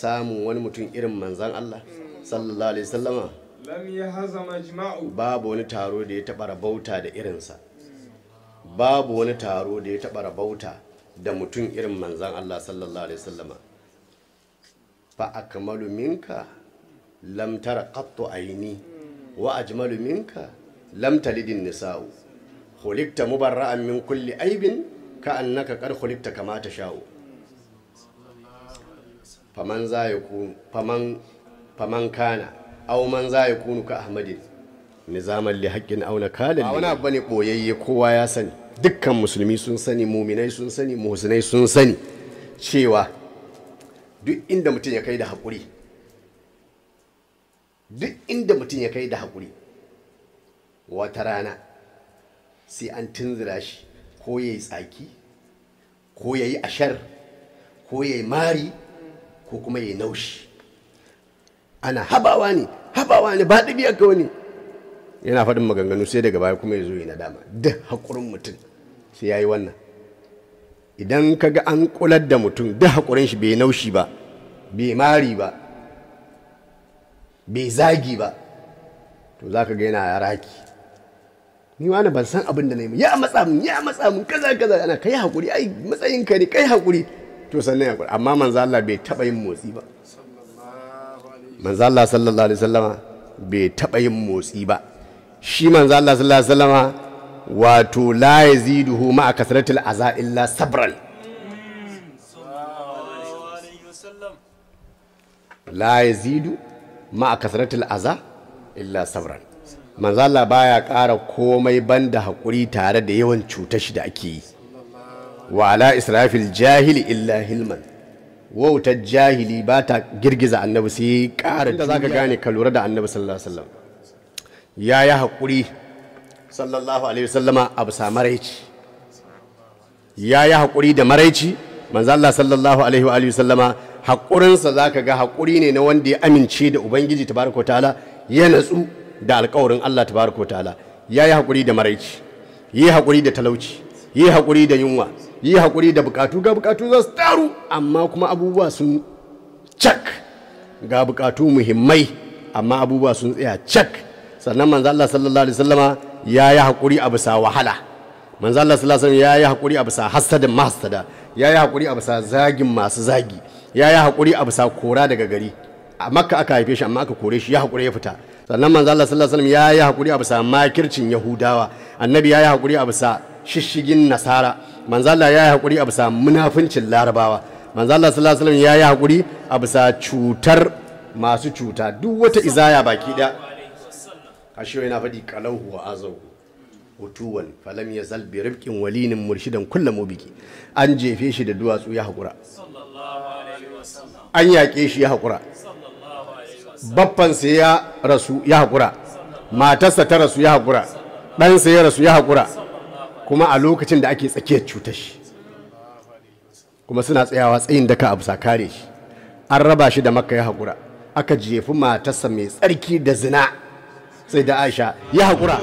samun wani mutum irin manzan Allah sallallahu alaihi sallama babu wani taro da ya taɓa rabauta da irinsa babu wani taro da ya taɓa rabauta da mutum irin manzan Allah sallallahu alaihi sallama fa akmalu minka lam tara qattu aini wa ajmalu minka lam talidin nisa'u khuliqta mubarra'an min kulli aibin ka annaka qad khuliqta kama tasha'u faman za ya kunu faman faman kana au man za ya kunu ka ahmadin nizaman li kalin ne. A wani abu ne ɓoyayye kowa ya sani dukkan musulmi sun sani muminai sun sani muhsinai sun sani cewa duk inda mutum ya kai da haƙuri duk inda mutum ya kai da haƙuri wata rana sai an tunzura shi ko ya yi tsaki ko ya yi ashar ko ya yi mari ko kuma ya naushi ana habawa ne habawa ne ba ɗabi'a ka wani yana faɗin maganganu sai daga baya kuma ya zo yi dama duk haƙurin mutum sai ya yi wannan idan ka ga an kular da mutum duk haƙurin shi bai naushi ba bai mari ba bai zagi ba to za ka ga yana raki ni wani ban san abin da na yi ya matsa mun ya matsa mun kaza kaza ana kai haƙuri ai matsayin ka ne kai haƙuri to sannan ya amma manzo Allah bai taba yin motsi ba manzo Allah sallallahu alaihi wasallama bai taba yin motsi ba shi manzo Allah sallallahu alaihi wasallama wato la yaziduhu ma kasratil aza illa sabran la yazidu ma kasratil aza illa sabran manzo Allah baya ƙara komai banda hakuri tare da yawan cutar shi da ake yi wa ala israfil jahili illa hilman wautar jahili ba ta girgiza annabi sai ƙara da ka gane ka lura da annabi sallallahu alaihi wasallam ya yi haƙuri sallallahu alaihi wasallama a bisa maraici ya yi haƙuri da maraici manzalla sallallahu alaihi wa wasallama haƙurinsa ka ga haƙuri ne na wanda ya amince da ubangiji tabaraka ta'ala ya natsu da alƙawarin Allah tabaraka ta'ala ya yi haƙuri da maraici yi haƙuri da talauci yi haƙuri da yunwa yi haƙuri da bukatu ga bukatu za su taru amma kuma abubuwa sun cak ga bukatu muhimmai amma abubuwa sun tsaya cak sannan manzo Allah sallallahu alaihi wasallama ya yi haƙuri a bisa wahala manzo Allah sallallahu alaihi ya yi haƙuri a bisa hasadin mahasada ya yi haƙuri a bisa zagin masu zagi ya yi haƙuri a bisa kora daga gari a makka aka haife shi amma aka kore shi ya haƙuri ya fita sannan manzo Allah sallallahu alaihi ya yi haƙuri a bisa makircin yahudawa annabi ya yi haƙuri a bisa shishigin nasara manzala ya yi haƙuri a bisa munafincin larabawa manzala sallallahu alaihi ya yi haƙuri a bisa cutar masu cuta duk wata izaya baki da ashe yana faɗi qalahu wa azau hutuwan falam ya zalbi rifkin walinin murshidan kulla mubiki an jefe shi da duwatsu ya haƙura an yaƙe shi ya haƙura baffansa ya rasu ya haƙura matarsa ta rasu ya haƙura ɗansa ya rasu ya haƙura kuma a lokacin da ake tsakiyar cutar shi kuma suna tsayawa tsayin daka a busa kare shi an raba shi da makka ya haƙura aka jefi matarsa mai tsarki da zina sai da aisha ya haƙura